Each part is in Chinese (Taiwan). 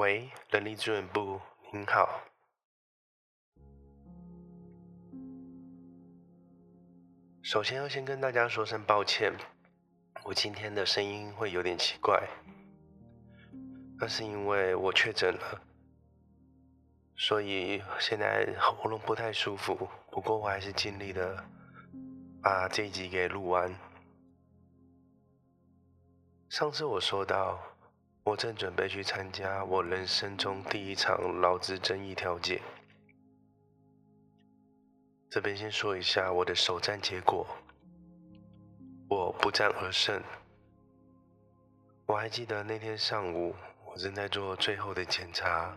喂，人力資源部，您好。首先要先跟大家說聲抱歉，我今天的聲音會有點奇怪，那是因為我確診了，所以現在喉嚨不太舒服。不過我還是盡力的把這一集給錄完。上次我說到。我正準備去參加我人生中第一場勞資爭議調解。這邊先說一下我的首戰結果，我不戰而勝。我還記得那天上午，我正在做最後的檢查，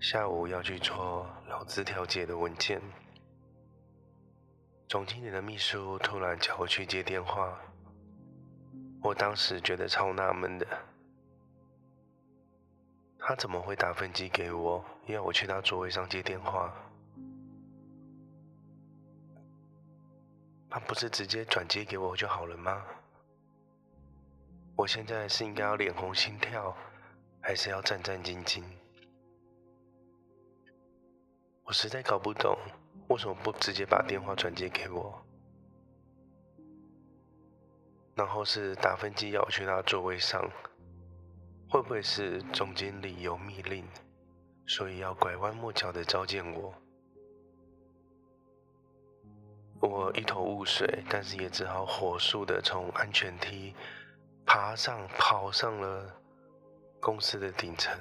下午要去做勞資調解的文件。總經理的秘書突然叫我去接電話，我當時覺得超納悶的。他怎麼會打分機給我，要我去他座位上接電話？他不是直接轉接給我就好了嗎？我現在是應該要臉紅心跳，還是要戰戰兢兢？我實在搞不懂，為什麼不直接把電話轉接給我？然後是打分機要我去他座位上。會不會是總經理有密令，所以要拐彎抹角的召見我？我一頭霧水，但是也只好火速的從安全梯爬上，跑上了公司的頂層。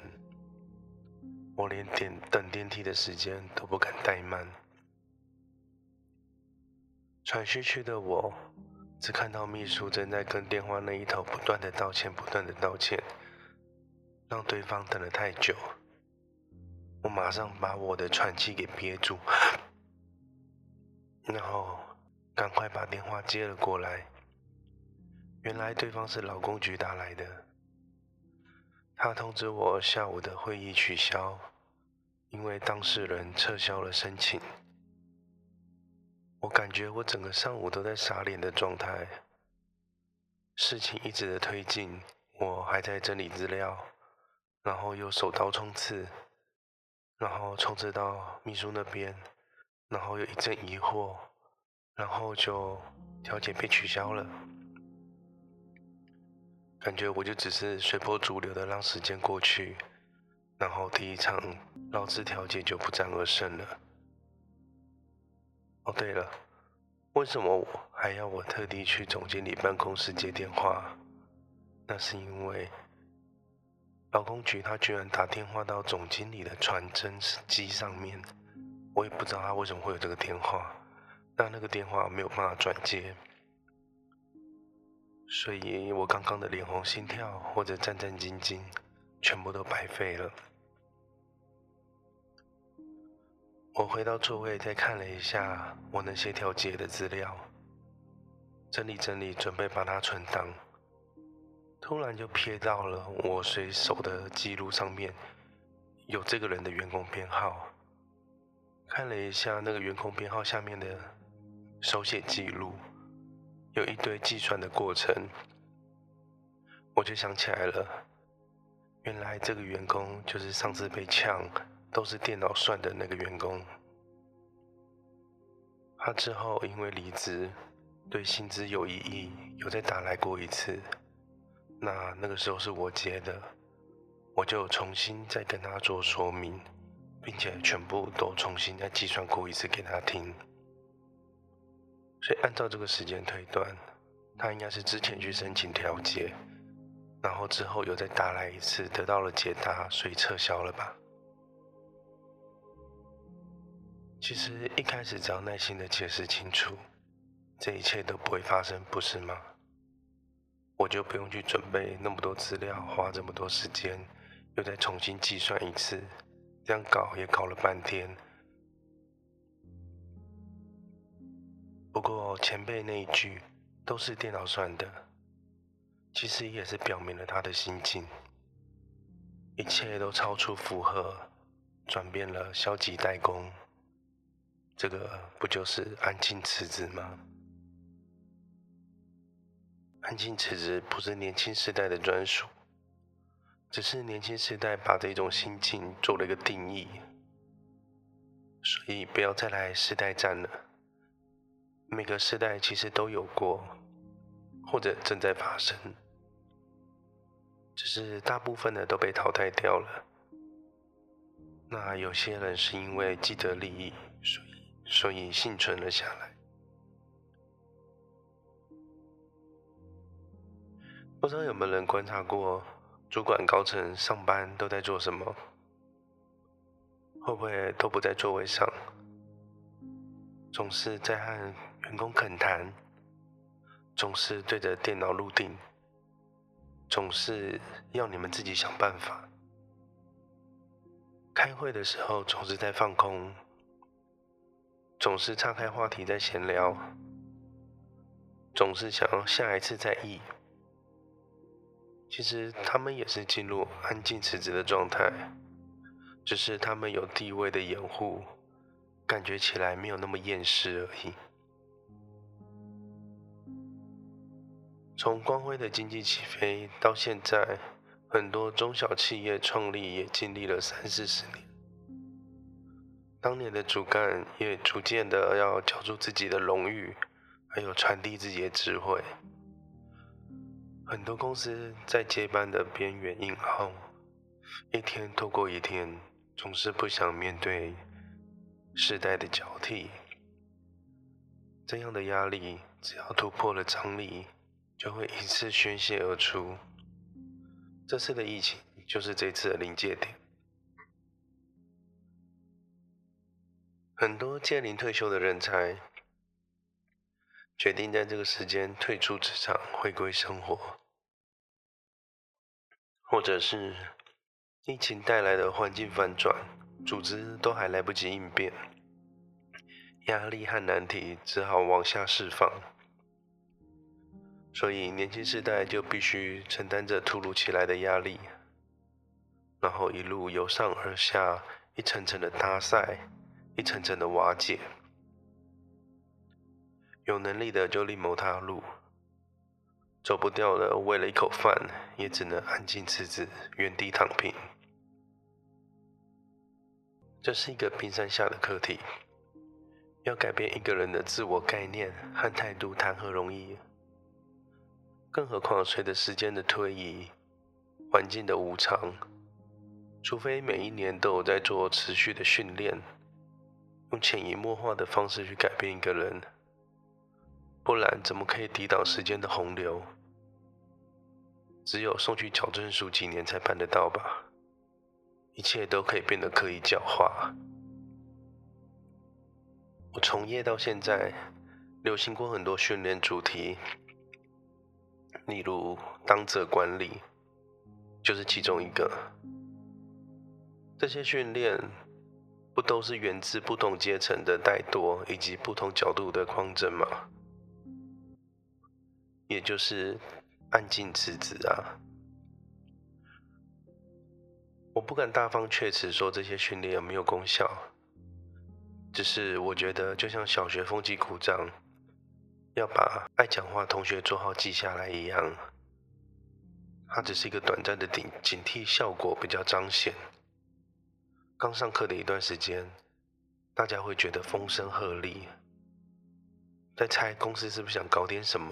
我連點等電梯的時間都不敢怠慢。喘吁吁的我，只看到秘書正在跟電話那一頭不斷的道歉，不斷的道歉。讓對方等了太久，我馬上把我的喘氣給憋住， 然後趕快把電話接了過來。原來對方是勞工局打來的，他通知我下午的會議取消，因為當事人撤銷了申請。我感覺我整個上午都在傻臉的狀態，事情一直的推進，我還在整理資料。然後又手刀衝刺，然後衝刺到秘書那邊，然後又一陣疑惑，然後就調解被取消了。感覺我就只是隨波逐流的讓時間過去，然後第一場勞資調解就不戰而勝了。哦，對了，為什麼我還要我特地去總經理辦公室接電話？那是因為。勞工局，他居然打電話到總經理的傳真機上面，我也不知道他為什麼會有這個電話。但那個電話沒有辦法轉接，所以我剛剛的臉紅、心跳或者戰戰兢兢，全部都白費了。我回到座位，再看了一下我那些調解的資料，整理整理，準備把它存檔。突然就瞥到了我隨手的記錄上面有這個人的員工編號，看了一下那個員工編號下面的手寫記錄，有一堆計算的過程，我就想起來了，原來這個員工就是上次被嗆都是電腦算的那個員工，他之後因為離職對薪資有異議，有再打來過一次。那那個時候是我接的，我就重新再跟他做說明，並且全部都重新再計算過一次給他聽。所以按照這個時間推斷，他應該是之前去申請調解，然後之後又再打來一次，得到了解答，所以撤銷了吧。其實一開始只要耐心的解釋清楚，這一切都不會發生，不是嗎？我就不用去準備那麼多資料，花這麼多時間，又再重新計算一次，這樣搞也搞了半天。不過前輩那一句“都是電腦算的”，其實也是表明了他的心境，一切都超出負荷，轉變了消極怠工，這個不就是安靜辭職嗎？安靜辭職不是年輕世代的專屬，只是年輕世代把這種心境做了一個定義。所以不要再來世代戰了。每個世代其實都有過，或者正在發生，只是大部分的都被淘汰掉了。那有些人是因為既得利益，所以倖存了下來。不知道有沒有人觀察過，主管高層上班都在做什麼？會不會都不在座位上？總是在和員工懇談，總是對着電腦入定，總是要你們自己想辦法。開會的時候總是在放空，總是岔開話題在閒聊，總是想要下一次再議。其實他們也是進入安靜辭職的狀態，只是他們有地位的掩護，感覺起來沒有那麼厭世而已。從光輝的經濟起飛到現在，很多中小企業創立也經歷了三四十年。當年的主幹也逐漸的要交出自己的榮譽，還有傳遞自己的智慧。很多公司在接班的邊緣硬耗，一天拖過一天，總是不想面對世代的交替。這樣的壓力，只要突破了張力，就會一次宣泄而出。這次的疫情就是這次的臨界點。很多屆臨退休的人才，決定在這個時間退出職場，回歸生活，或者是疫情帶來的環境反轉，組織都還來不及應變，壓力和難題只好往下釋放。所以，年輕世代就必須承擔着突如其來的壓力，然後一路由上而下，一層層的搭塞，一層層的瓦解。有能力的就另謀他路，走不掉了，為了一口飯，也只能安靜辭職，原地躺平。這是一個冰山下的課題，要改變一個人的自我概念和態度，談何容易？更何況，隨着時間的推移，環境的無常，除非每一年都有在做持續的訓練，用潛移默化的方式去改變一個人。不然怎麼可以抵擋時間的洪流？只有送去矯正署幾年才辦得到吧？一切都可以變得刻意狡猾。我從業到現在，流行過很多訓練主題，例如當責管理，就是其中一個。這些訓練不都是源自不同階層的怠惰，以及不同角度的框真嗎？也就是，安靜辭職啊，我不敢大方確實說這些訓練有沒有功效，只是我覺得就像小學風紀股長，要把愛講話同學座號記下來一樣，它只是一個短暫的警警惕效果比較彰顯。剛上課的一段時間，大家會覺得風聲鶴唳，在猜公司是不是想搞點什麼。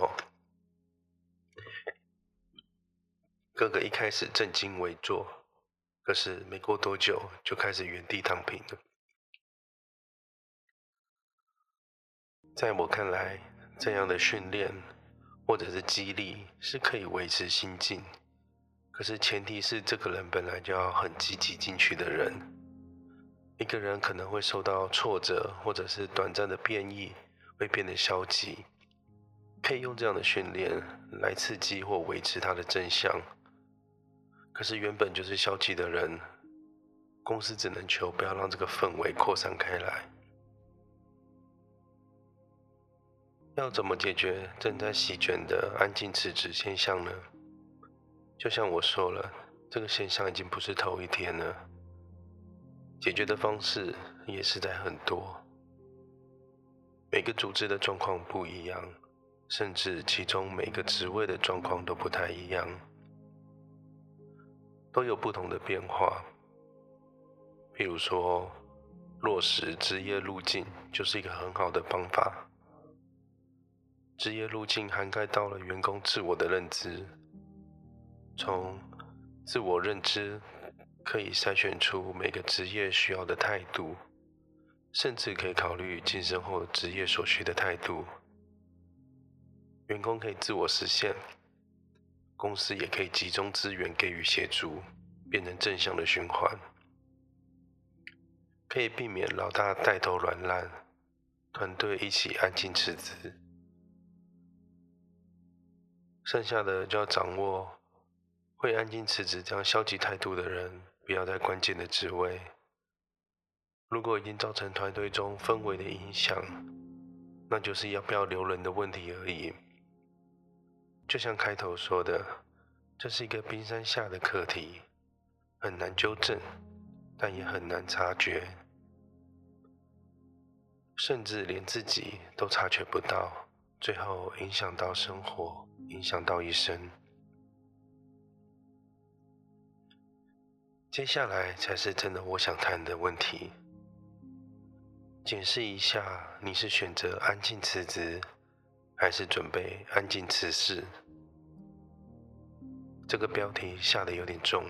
哥哥一開始正襟危坐，可是沒過多久就開始原地躺平了。在我看來，這樣的訓練或者是激勵是可以維持心境，可是前提是這個人本來就要很積極進取的人。一個人可能會受到挫折，或者是短暫的變異，會變得消極。可以用這樣的訓練來刺激或維持他的正向。可是原本就是消極的人，公司只能求不要讓這個氛圍擴散開來。要怎麼解決正在席捲的安靜辭職現象呢？就像我說了，這個現象已經不是頭一天了。解決的方式也實在很多，每個組織的狀況不一樣，甚至其中每個職位的狀況都不太一樣。都有不同的變化，譬如說落實職業路徑，就是一個很好的方法。職業路徑涵蓋到了員工自我的認知，從自我認知可以篩選出每個職業需要的態度，甚至可以考慮晉升後職業所需的態度。員工可以自我實現。公司也可以集中資源給予協助，變成正向的循環，可以避免老大帶頭軟爛，團隊一起安靜辭職。剩下的就要掌握會安靜辭職這樣消極態度的人，不要在關鍵的職位。如果已經造成團隊中氛圍的影響，那就是要不要留人的問題而已。就像開頭說的，這是一個冰山下的課題，很難糾正，但也很難察覺，甚至連自己都察覺不到，最後影響到生活，影響到一生。接下來才是真的我想談的問題，解釋一下，你是選擇安靜辭職，還是準備安靜辭世？這個標題下得有點重。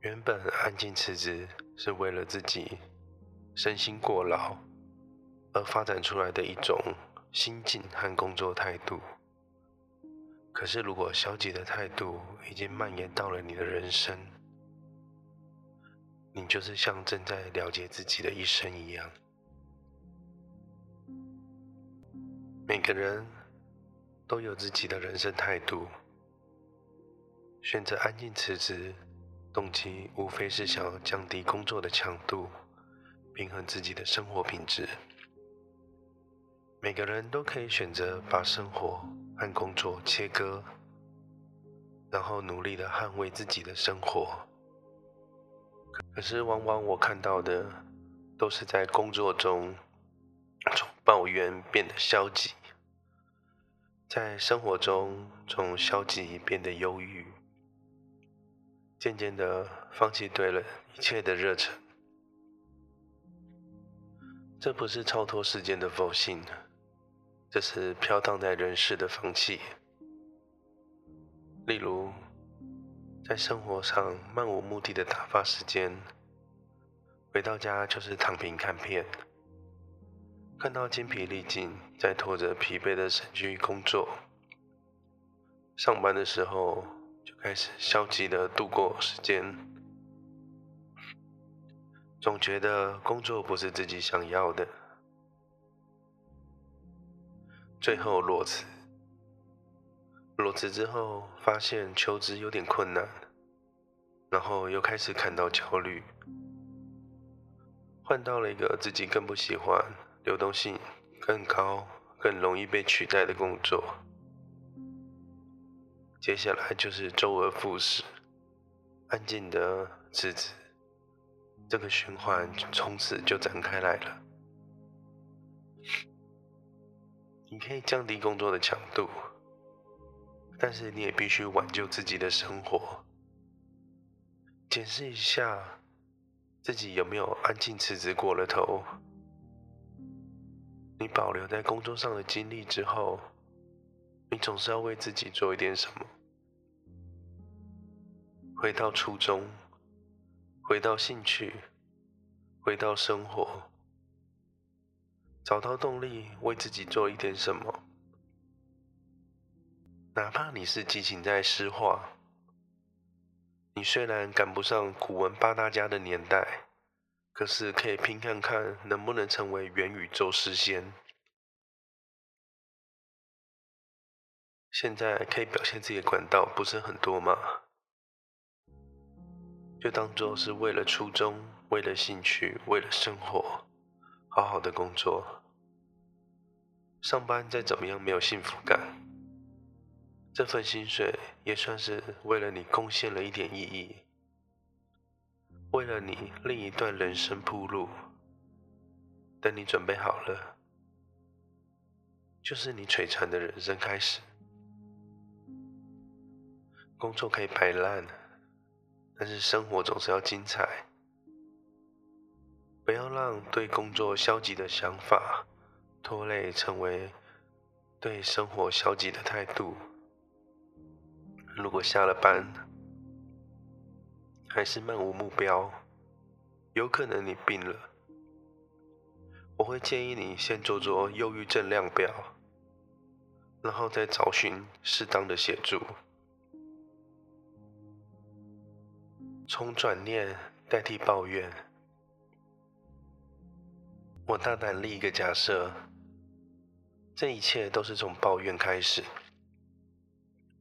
原本安靜辭職是為了自己身心過勞而發展出來的一種心境和工作態度。可是，如果消極的態度已經蔓延到了你的人生，你就是像正在了結自己的一生一樣。每個人都有自己的人生態度，選擇安靜辭職，動機無非是想要降低工作的強度，平衡自己的生活品質。每個人都可以選擇把生活和工作切割，然後努力的捍衛自己的生活。可是，往往我看到的都是在工作中。抱怨變得消極，在生活中從消極變得憂鬱，漸漸的放棄對了一切的熱忱。這不是超脫世間的否定，這是飄蕩在人世的放棄。例如，在生活上漫無目的的打發時間，回到家就是躺平看片。看到筋疲力盡，在拖着疲憊的身軀工作。上班的時候就開始消極的度過時間，總覺得工作不是自己想要的。最後裸辭，裸辭之後發現求職有點困難，然後又開始感到焦慮，換到了一個自己更不喜歡。流動性更高、更容易被取代的工作，接下來就是周而復始、安靜的辭職。這個循環從此就展開來了。你可以降低工作的強度，但是你也必須挽救自己的生活。檢視一下自己有沒有安靜辭職過了頭。你保留在工作上的精力之後，你總是要為自己做一點什麼。回到初衷，回到興趣，回到生活，找到動力，為自己做一點什麼。哪怕你是寄情在詩畫，你雖然趕不上古文八大家的年代。可是可以拼看看能不能成為元宇宙詩仙。現在可以表現自己的管道不是很多嗎？就當做是為了初衷，為了興趣，為了生活，好好的工作。上班再怎麼樣沒有幸福感，這份薪水也算是為了你貢獻了一點意義。為了你另一段人生鋪路，等你準備好了，就是你璀璨的人生開始。工作可以擺爛，但是生活總是要精彩。不要讓對工作消極的想法拖累成為對生活消極的態度。如果下了班，還是漫無目標，有可能你病了。我會建議你先做做憂鬱症量表，然後再找尋適當的協助。從轉念代替抱怨。我大膽立一個假設，這一切都是從抱怨開始。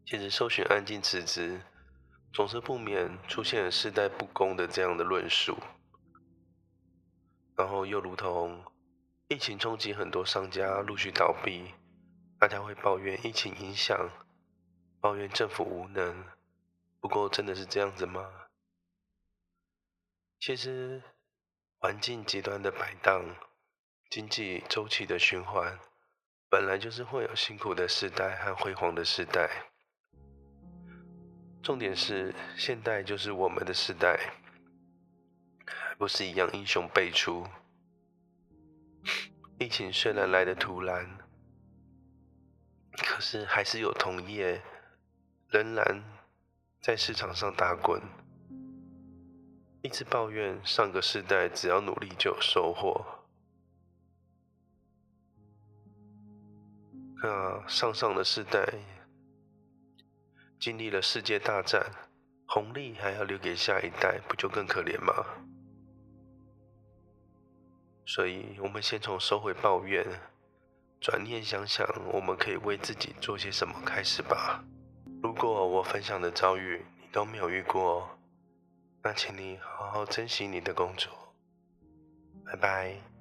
其實搜尋安靜辭職。總是不免出現世代不公的這樣的論述，然後又如同疫情衝擊，很多商家陸續倒閉，大家會抱怨疫情影響，抱怨政府無能。不過真的是這樣子嗎？其實環境極端的擺盪，經濟周期的循環，本來就是會有辛苦的世代和輝煌的世代。重點是，現代就是我們的時代，不是一樣英雄輩出？疫情雖然來得突然，可是還是有同業仍然在市場上打滾，一直抱怨上個世代只要努力就有收穫。啊，上上的世代。經歷了世界大戰，紅利還要留給下一代，不就更可憐嗎？所以，我們先從收回抱怨，轉念想想，我們可以為自己做些什麼開始吧。如果我分享的遭遇你都沒有遇過，那請你好好珍惜你的工作。拜拜。